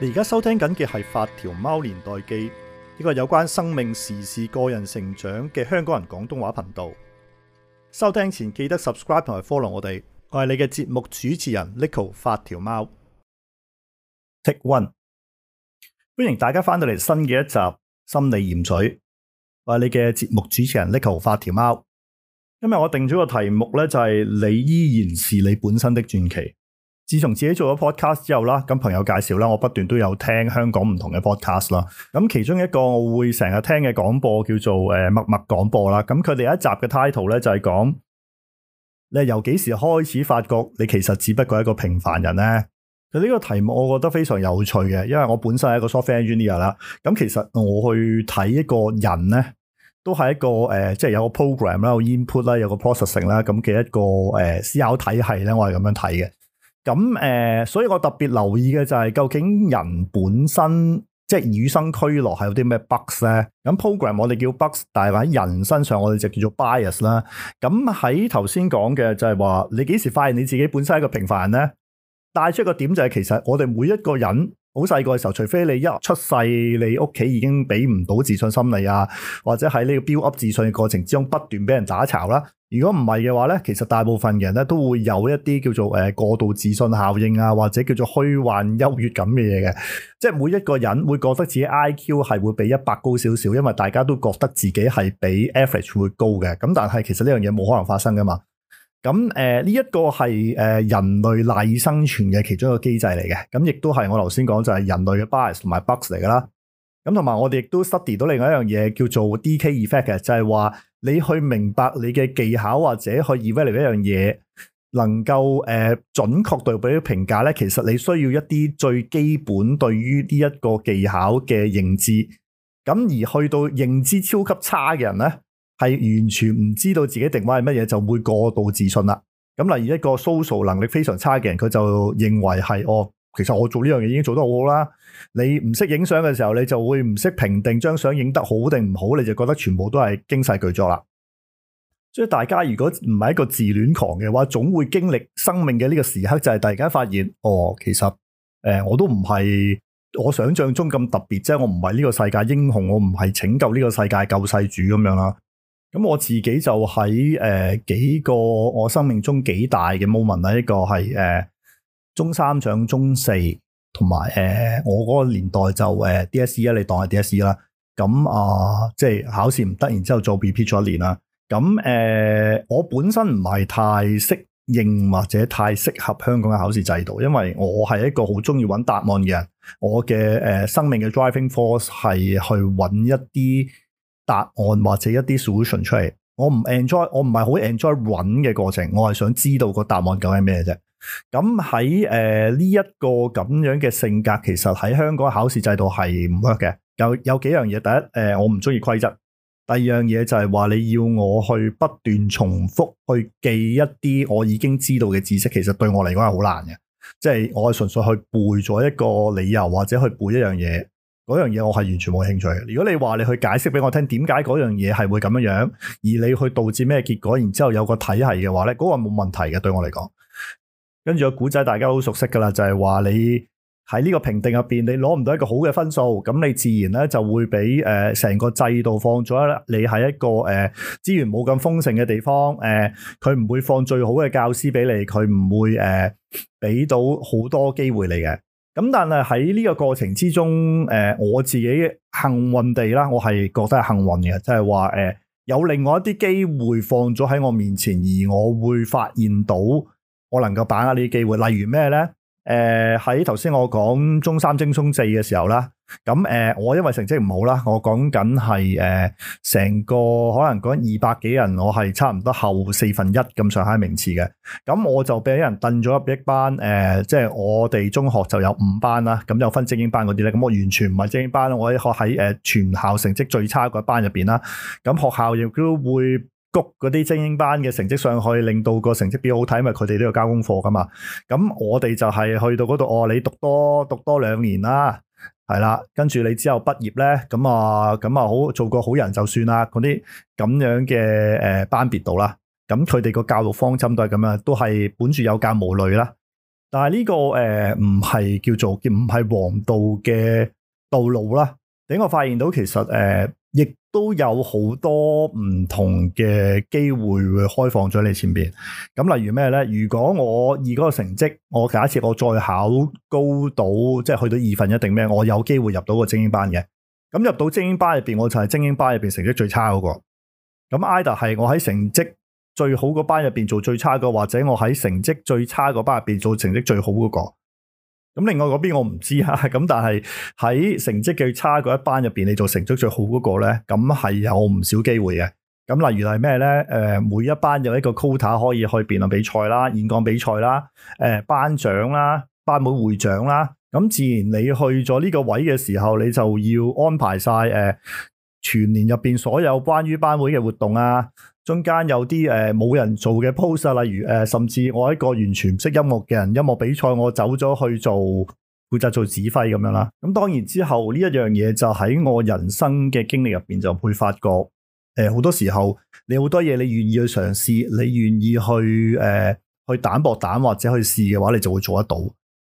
你而家收聽緊嘅係《發條貓年代記》，一個有關生命、時事、個人成長嘅香港人廣東話頻道。收聽前記得 subscribe 同埋 follow 我哋。我係你嘅節目主持人 Neko 發條貓 Take One，歡迎大家翻到嚟新嘅一集《心理鹽水》。我係你嘅節目主持人 Neko 發條貓。今日我定咗個題目呢，就係、是、你依然是你本身的傳奇。自從自己做咗 podcast 之後啦，咁朋友介紹啦，我不斷都有聽香港唔同嘅 podcast 啦。咁其中一個我會成日聽嘅廣播叫做誒默默廣播啦。咁佢哋一集嘅 title 咧就係講你由幾時開始發覺你其實只不過係一個平凡人咧？佢、這、呢個題目我覺得非常有趣嘅，因為我本身係一個 software engineer 啦。咁其實我去睇一個人咧，都係一個誒，即係有個 program 啦，有 input 啦，有個 processing 啦，咁嘅一個誒思考體系咧，我係咁樣睇嘅。咁誒、呃，所以我特別留意嘅就係究竟人本身即係與生俱來係有啲咩 bug 咧？咁 program 我哋叫 bug，但係喺人身上我哋就叫做 bias 啦。咁喺頭先講嘅就係話，你幾時發現你自己本身係一個平凡人咧？帶出一個點就係，其實我哋每一個人。好細個嘅時候，除非你一出世，你屋企已經俾唔到自信心理啊，或者喺呢個 build up 自信嘅過程中之中不斷俾人打巢啦。如果唔係嘅話咧，其實大部分人咧都會有一啲叫做誒過度自信效應啊，或者叫做虛幻優越感嘅嘢嘅。即係每一個人會覺得自己 IQ 係會比一百高少少，因為大家都覺得自己係比 average 會高嘅。咁但係其實呢樣嘢冇可能發生噶嘛。咁誒呢一個係誒人類賴以生存嘅其中一個機制嚟嘅，咁亦都係我頭先講，就係人類嘅 bias 同埋 bugs 嚟噶啦。咁同埋我哋亦都 study 到另外一樣嘢叫做 DK effect 嘅，就係話你去明白你嘅技巧或者去 evaluate 一樣嘢，能夠誒準確對比評價咧，其實你需要一啲最基本對於呢一個技巧嘅認知，咁而去到認知超級差嘅人咧。係完全唔知道自己定位係乜嘢，就會過度自信啦。咁例如一個 social 能力非常差嘅人，佢就認為係哦，其實我做呢樣嘢已經做得好好啦。你唔識影相嘅時候，你就會唔識評定張相影得好定唔好，你就覺得全部都係驚世巨作啦。所以大家如果唔係一個自戀狂嘅話，總會經歷生命嘅呢個時刻，就係突然間發現哦，其實誒、呃、我都唔係我想象中咁特別，即係我唔係呢個世界英雄，我唔係拯救呢個世界救世主咁樣啦。咁我自己就喺誒、呃、幾個我生命中幾大嘅 moment 啦，一個係誒、呃、中三上中四，同埋誒我嗰個年代就誒 DSE 啦，呃、SE，你當係 DSE 啦。咁啊、呃，即係考試唔得，然之後做 BP 咗一年啦。咁誒、呃，我本身唔係太適應或者太適合香港嘅考試制度，因為我係一個好中意揾答案嘅人。我嘅誒、呃、生命嘅 driving force 係去揾一啲答案或者一啲 solution 出嚟，我唔 enjoy，我唔係好 enjoy 揾嘅過程，我係想知道個答案究竟咩啫？咁喺誒呢一個咁樣嘅性格，其實喺香港考試制度係唔 work 嘅。有有幾樣嘢，第一誒，呃，我唔中意規則，第二樣嘢就係話你要我去不斷重複去記一啲我已經知道嘅知識，其實對我嚟講係好難嘅，即係我係純粹去背咗一個理由或者去背一樣嘢。嗰樣嘢，我係完全冇興趣嘅。如果你話你去解釋俾我聽，點解嗰樣嘢係會咁樣樣，而你去導致咩結果，然之後有個體系嘅話咧，嗰個冇問題嘅，對我嚟講。跟住個古仔，大家都好熟悉噶啦，就係話你喺呢個評定入邊，你攞唔到一個好嘅分數，咁你自然咧就會俾誒成個制度放咗你喺一個誒資源冇咁豐盛嘅地方。誒，佢唔會放最好嘅教師俾你，佢唔會誒俾到好多機會你嘅。咁但係喺呢個過程之中，誒、呃，我自己幸運地啦，我係覺得係幸運嘅，即係話誒，有另外一啲機會放咗喺我面前，而我會發現到我能夠把握呢啲機會，例如咩咧？誒、呃，喺頭先我講中三精松四嘅時候啦。咁誒、呃，我因為成績唔好啦，我講緊係誒，成、呃、個可能嗰二百幾人，我係差唔多後四分一咁上下名次嘅。咁我就俾人抌咗入一班，誒、呃，即係我哋中學就有五班啦，咁有分精英班嗰啲咧。咁我完全唔係精英班，我喺喺誒全校成績最差嗰班入邊啦。咁學校亦都會谷嗰啲精英班嘅成績上去，令到個成績表好睇，因為佢哋都要交功課噶嘛。咁我哋就係去到嗰度，哦，你讀多讀多兩年啦。係啦，跟住你之後畢業咧，咁啊，咁啊好做個好人就算啦，嗰啲咁樣嘅誒班別度啦，咁佢哋個教育方針都係咁樣，都係本住有教無類啦。但係呢個誒唔係叫做唔係王道嘅道路啦。頂我發現到其實誒。呃亦都有好多唔同嘅機會會開放咗你前邊，咁例如咩咧？如果我以嗰個成績，我假一設我再考高到，即係去到二分一定咩？我有機會入到個精英班嘅。咁入到精英班入邊，我就係精英班入邊成績最差嗰個。咁 either 係我喺成績最好嗰班入邊做最差個，或者我喺成，成績最差嗰班入邊做成績最好嗰個。咁另外嗰邊我唔知哈，咁但係喺成績最差嗰一班入邊，你做成績最好嗰個咧，咁係有唔少機會嘅。咁例如係咩咧？誒，每一班有一個 quota 可以去辯論比賽啦、演講比賽啦、誒，班長啦、班會會長啦。咁自然你去咗呢個位嘅時候，你就要安排晒誒。全年入面所有關於班會嘅活動啊，中間有啲誒冇人做嘅 post、啊、例如誒、呃、甚至我一個完全唔識音樂嘅人，音樂比賽我走咗去做負責做指揮咁樣啦、啊。咁、嗯、當然之後呢一樣嘢就喺我人生嘅經歷入面就會發覺，誒、呃、好多時候你好多嘢你願意去嘗試，試，你願意去誒、呃、去膽博膽或者去試嘅話，你就會做得到。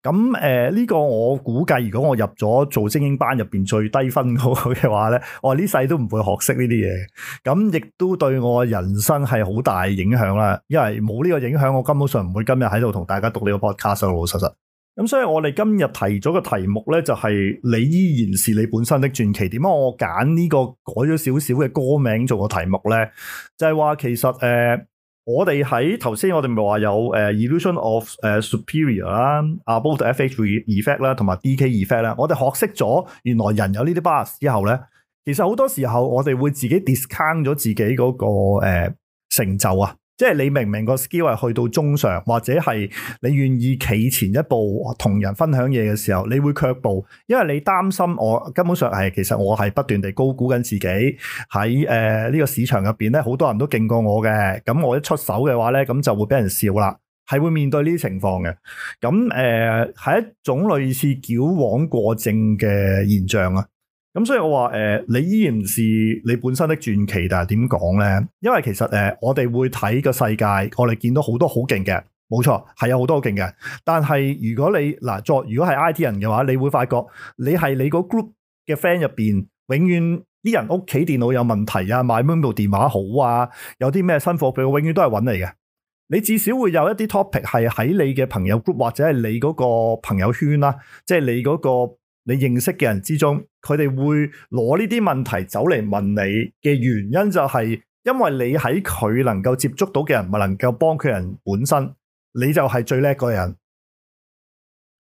咁誒呢個我估計，如果我入咗做精英班入邊最低分嘅話咧，我呢世都唔會學識呢啲嘢。咁亦都對我人生係好大影響啦。因為冇呢個影響，我根本上唔會今日喺度同大家讀呢個 podcast 老老實實。咁所以，我哋今日提咗個題目咧，就係你依然是你本身的傳奇。點解我揀呢個改咗少少嘅歌名做個題目咧？就係、是、話其實誒。呃我哋喺頭先，我哋咪話有誒 illusion of 誒 superior 啦，阿 Boat F H r effect e 啦，同埋 D K effect 啦。我哋學識咗原來人有呢啲 bias 之後咧，其實好多時候我哋會自己 discount 咗自己嗰個誒成就啊。即係你明明個 skill 係去到中上，或者係你願意企前一步同人分享嘢嘅時候，你會卻步，因為你擔心我根本上係其實我係不斷地高估緊自己喺誒呢個市場入邊咧，好多人都勁過我嘅，咁我一出手嘅話咧，咁就會俾人笑啦，係會面對呢啲情況嘅，咁誒係一種類似矯枉過正嘅現象啊。咁、嗯、所以我話誒、呃，你依然唔是你本身的傳奇，但係點講咧？因為其實誒、呃，我哋會睇個世界，我哋見到好多好勁嘅，冇錯，係有好多好勁嘅。但係如果你嗱作，如果係 IT 人嘅話，你會發覺你係你個 group 嘅 friend 入邊，永遠啲人屋企電腦有問題啊，買 mobile 電話好啊，有啲咩新貨俾永遠都係揾你嘅。你至少會有一啲 topic 係喺你嘅朋友 group 或者係你嗰個朋友圈啦、啊，即係你嗰、嗰個。你認識嘅人之中，佢哋會攞呢啲問題走嚟問你嘅原因，就係因為你喺佢能夠接觸到嘅人，唔係能夠幫佢人本身，你就係最叻嗰人。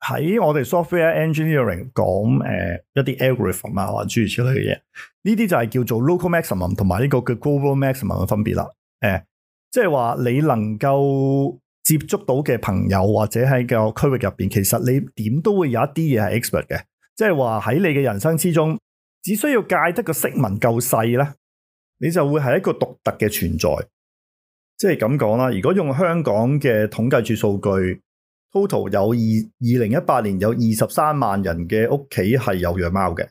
喺我哋 software engineering 講，誒、呃、一啲 algorithm 啊或諸如此類嘅嘢，呢啲就係叫做 local maximum 同埋呢個叫 global maximum 嘅分別啦。誒、呃，即係話你能夠接觸到嘅朋友或者喺個區域入邊，其實你點都會有一啲嘢係 expert 嘅。即係話喺你嘅人生之中，只需要戒得個色紋夠細呢，你就會係一個獨特嘅存在。即係咁講啦。如果用香港嘅統計處數據，total 有二二零一八年有二十三萬人嘅屋企係有養貓嘅。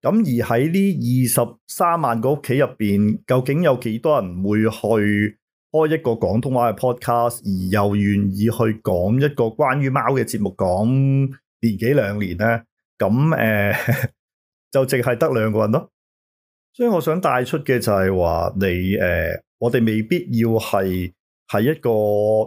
咁而喺呢二十三萬個屋企入邊，究竟有幾多人會去開一個廣東話嘅 podcast，而又願意去講一個關於貓嘅節目？講年幾兩年呢？咁誒，就淨係得兩個人咯。所以我想帶出嘅就係話，你誒、呃，我哋未必要係喺一個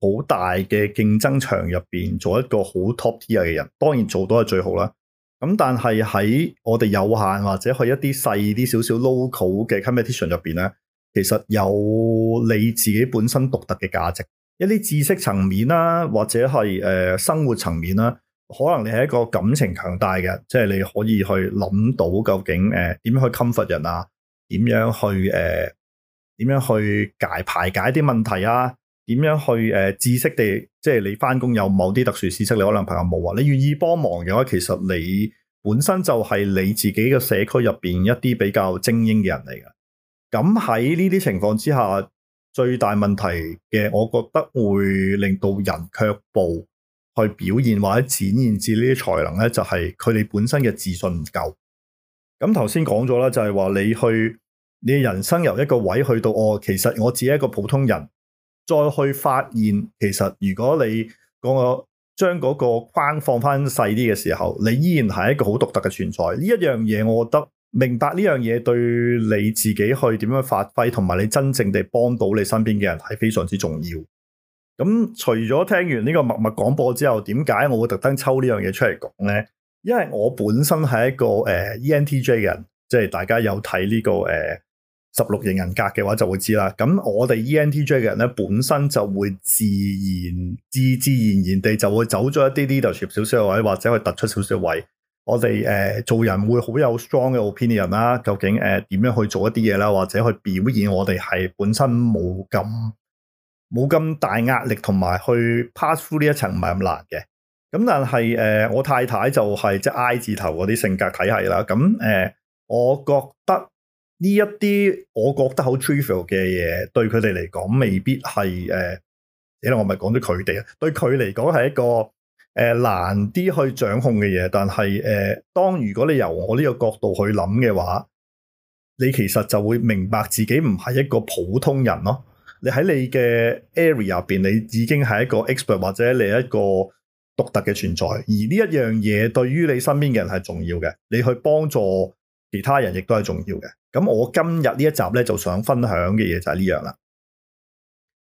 好大嘅競爭場入邊做一個好 top tier 嘅人。當然做到係最好啦。咁但係喺我哋有限或者係一啲細啲少少 local 嘅 competition 入邊咧，其實有你自己本身獨特嘅價值，一啲知識層面啦，或者係誒、呃、生活層面啦。可能你係一個感情強大嘅，即係你可以去諗到究竟誒點、呃、樣去 comfort 人啊，點、呃、樣去誒點樣去解排解啲問題啊，點樣去誒、呃、知識地，即係你翻工有某啲特殊知識，你可能朋友冇啊，你願意幫忙嘅話，其實你本身就係你自己嘅社區入邊一啲比較精英嘅人嚟嘅。咁喺呢啲情況之下，最大問題嘅，我覺得會令到人卻步。去表現或者展現自呢啲才能咧，就係佢哋本身嘅自信唔夠。咁頭先講咗啦，就係話你去你人生由一個位去到，哦，其實我只係一個普通人，再去發現，其實如果你嗰個將嗰個框放翻細啲嘅時候，你依然係一個好獨特嘅存在。呢一樣嘢，我覺得明白呢樣嘢對你自己去點樣發揮，同埋你真正地幫到你身邊嘅人，係非常之重要。咁、嗯、除咗聽完呢個默默廣播之後，點解我會特登抽呢樣嘢出嚟講咧？因為我本身係一個誒、呃、ENTJ 嘅人，即係大家有睇呢、這個誒十六型人格嘅話就會知啦。咁我哋 ENTJ 嘅人咧，本身就會自然自自然然地就會走咗一啲啲 leadership 少少位，或者去突出少少位。我哋誒、呃、做人會好有 strong 嘅 opinion 啦。究竟誒點、呃、樣去做一啲嘢啦？或者去表演我哋係本身冇咁。冇咁大壓力同埋去 pass through 呢一層唔係咁難嘅，咁但係誒、呃，我太太就係、是、即係 I 字頭嗰啲性格體系啦。咁、嗯、誒、呃，我覺得呢一啲我覺得好 trivial 嘅嘢，對佢哋嚟講未必係誒，因、呃、為我咪講咗佢哋啊，對佢嚟講係一個誒、呃、難啲去掌控嘅嘢。但係誒、呃，當如果你由我呢個角度去諗嘅話，你其實就會明白自己唔係一個普通人咯。喺你嘅 area 入邊，你已經係一個 expert 或者你一個獨特嘅存在，而呢一樣嘢對於你身邊嘅人係重要嘅，你去幫助其他人亦都係重要嘅。咁我今日呢一集咧就想分享嘅嘢就係呢樣啦。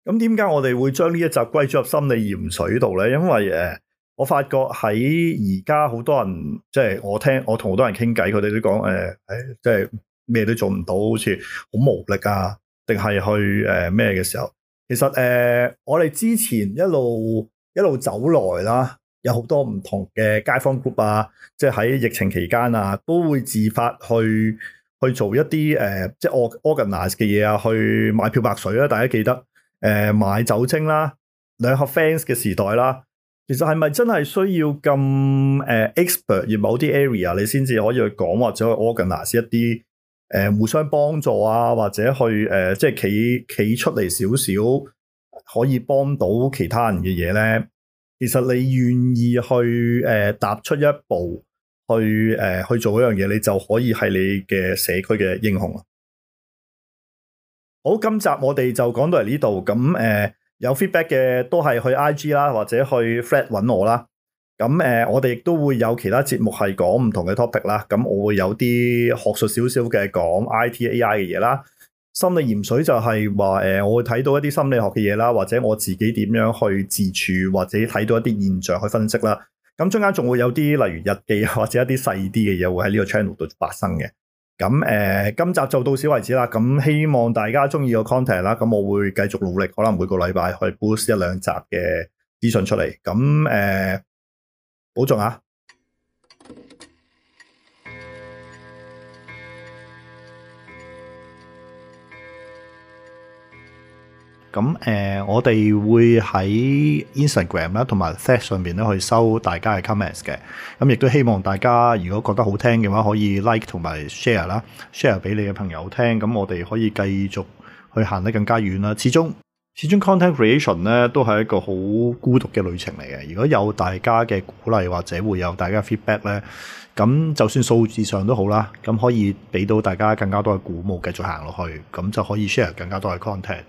咁點解我哋會將呢一集歸咗入心理鹽水度咧？因為誒，我發覺喺而家好多人即係、就是、我聽我同好多人傾偈，佢哋都講誒誒，即係咩都做唔到，好似好無力啊！定係去誒咩嘅時候？其實誒、呃，我哋之前一路一路走來啦，有好多唔同嘅街坊 group 啊，即係喺疫情期間啊，都會自發去去做一啲誒、呃，即係 organize 嘅嘢啊，去買漂白水啦、啊，大家記得誒、呃、買酒精啦、啊，兩盒 fans 嘅時代啦、啊。其實係咪真係需要咁誒、呃、expert 而某啲 area，你先至可以去講或者去 organize 一啲？誒、呃，互相幫助啊，或者去誒、呃，即係企企出嚟少少，可以幫到其他人嘅嘢咧。其實你願意去誒、呃、踏出一步去，去、呃、誒去做一樣嘢，你就可以係你嘅社區嘅英雄啦。好，今集我哋就講到嚟呢度。咁誒、呃，有 feedback 嘅都係去 IG 啦，或者去 Flat 搵我啦。咁誒，我哋亦都會有其他節目係講唔同嘅 topic 啦。咁我會有啲學術少少嘅講 I T A I 嘅嘢啦。心理鹽水就係話誒，我會睇到一啲心理學嘅嘢啦，或者我自己點樣去自處，或者睇到一啲現象去分析啦。咁中間仲會有啲例如日記或者一啲細啲嘅嘢，會喺呢個 channel 度發生嘅。咁誒、呃，今集就到此為止啦。咁希望大家中意個 content 啦。咁我會繼續努力，可能每個禮拜去 boost 一兩集嘅資訊出嚟。咁誒。呃保重啊！咁誒、呃，我哋會喺 Instagram 啦，同埋 Facebook 上面咧去收大家嘅 comments 嘅。咁亦都希望大家如果覺得好聽嘅話，可以 like 同埋 share 啦，share 畀你嘅朋友聽。咁我哋可以繼續去行得更加遠啦。始終。始終 content creation 咧都係一個好孤獨嘅旅程嚟嘅，如果有大家嘅鼓勵或者會有大家 feedback 咧，咁就算數字上都好啦，咁可以俾到大家更加多嘅鼓舞，繼續行落去，咁就可以 share 更加多嘅 content。